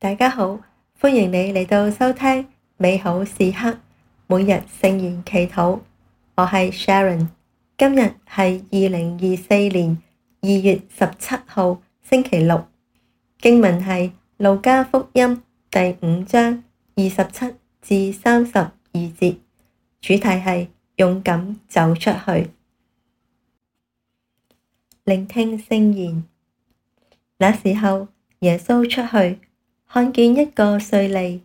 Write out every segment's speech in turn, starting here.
大家好，歡迎你嚟到收聽美好時刻每日聖言祈禱。我係 Sharon，今日係二零二四年二月十七號星期六。經文係路加福音第五章二十七至三十二節，主題係勇敢走出去。聆聽聖言，那時候耶穌出去。看見一個稅吏，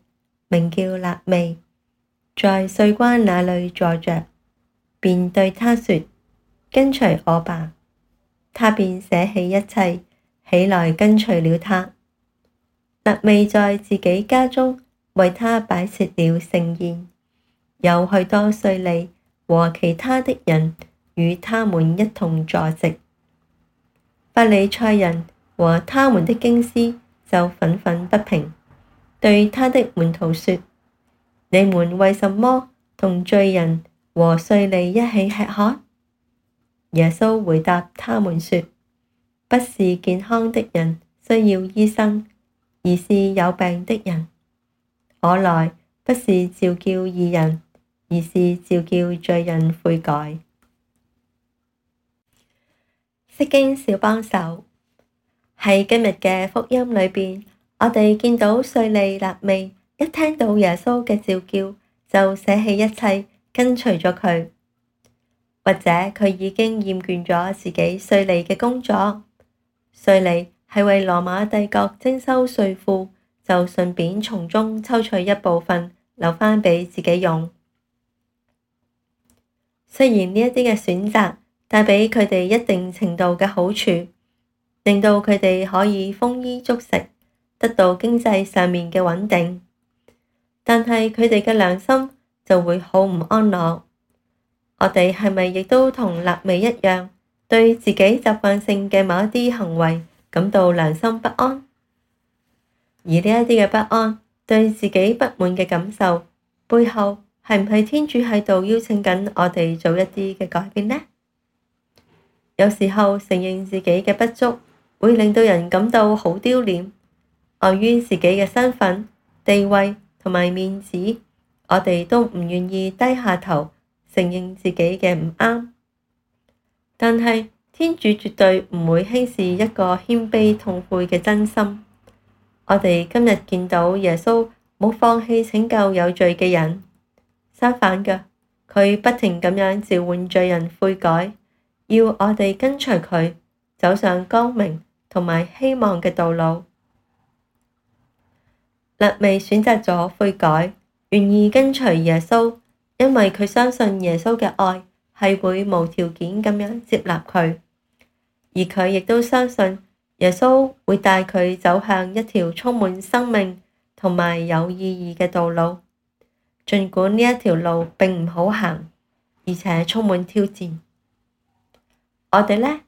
名叫肋未，在稅關那裏坐着，便對他說：「跟隨我吧。」他便捨棄一切，起來跟隨了他。肋未在自己家中為他擺設了盛筵，有許多稅吏和其他的人，與他們一同坐席。法利塞人和他們的經師，就憤憤不平，對他的門徒說：你們為什麼同罪人和稅吏一起吃喝？耶穌回答他們說：不是健康的人需要醫生，而是有病的人。我來不是召叫義人，而是召叫罪人悔改。釋經小幫手。喺今日嘅福音裏邊，我哋見到稅吏肋未，一聽到耶穌嘅召叫，就捨棄一切跟隨咗佢；或者佢已經厭倦咗自己稅吏嘅工作，稅吏係為羅馬帝國徵收稅賦，就順便從中抽取一部分留翻畀自己用。雖然呢一啲嘅選擇帶畀佢哋一定程度嘅好處。令到佢哋可以豐衣足食，得到經濟上面嘅穩定，但係佢哋嘅良心就會好唔安樂。我哋係咪亦都同肋未一樣，對自己習慣性嘅某一啲行為感到良心不安？而呢一啲嘅不安，對自己不滿嘅感受背後，係唔係天主喺度邀請緊我哋做一啲嘅改變呢？有時候，承認自己嘅不足。會令到人感到好丟臉，礙於自己嘅身份、地位同埋面子，我哋都唔願意低下頭承認自己嘅唔啱。但係天主絕對唔會輕視一個謙卑痛悔嘅真心。我哋今日見到耶穌冇放棄拯救有罪嘅人，相反嘅，佢不停咁樣召喚罪人悔改，要我哋跟隨佢走上光明。同埋希望嘅道路，肋未選擇咗悔改，願意跟隨耶穌，因為佢相信耶穌嘅愛係會無條件咁樣接納佢，而佢亦都相信耶穌會帶佢走向一條充滿生命同埋有意義嘅道路，盡管呢一條路並唔好行，而且充滿挑戰，我哋咧。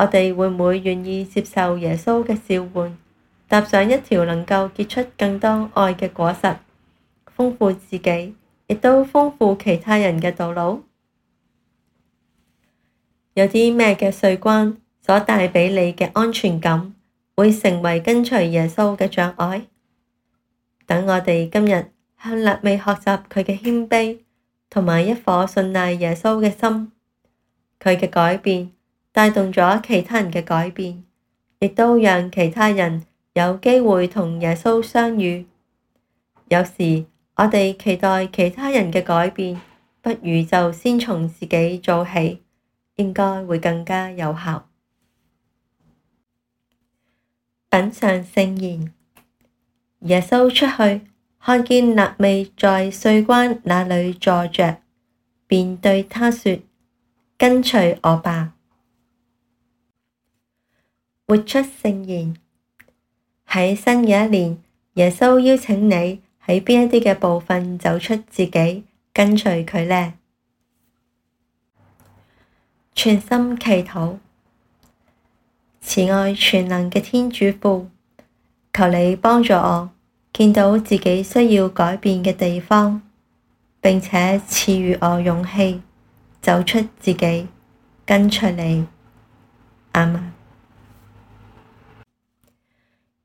我哋會唔會願意接受耶穌嘅召喚，踏上一條能夠結出更多愛嘅果實，豐富自己，亦都豐富其他人嘅道路？有啲咩嘅稅關所帶俾你嘅安全感，會成為跟隨耶穌嘅障礙？等我哋今日向肋未學習佢嘅謙卑，同埋一顆信賴耶穌嘅心，佢嘅改變，帶動咗其他人嘅改變，亦都讓其他人有機會同耶穌相遇。有時我哋期待其他人嘅改變，不如就先從自己做起，應該會更加有效。品嚐聖言，耶穌出去，看見肋未在稅關那裡坐着，便對他說：跟隨我吧。活出聖言，喺新嘅一年，耶穌邀請你喺邊一啲嘅部分走出自己，跟隨佢呢？全心祈禱，慈愛全能嘅天主父，求你幫助我見到自己需要改變嘅地方，並且賜予我勇氣走出自己，跟隨你。阿門。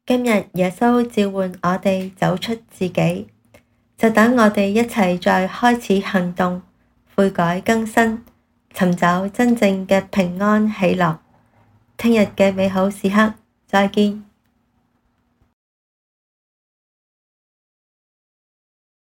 今日耶穌召喚我哋走出自己，就等我哋一齊再開始行動、悔改更新，尋找真正嘅平安喜樂。聽日嘅美好時刻，再見。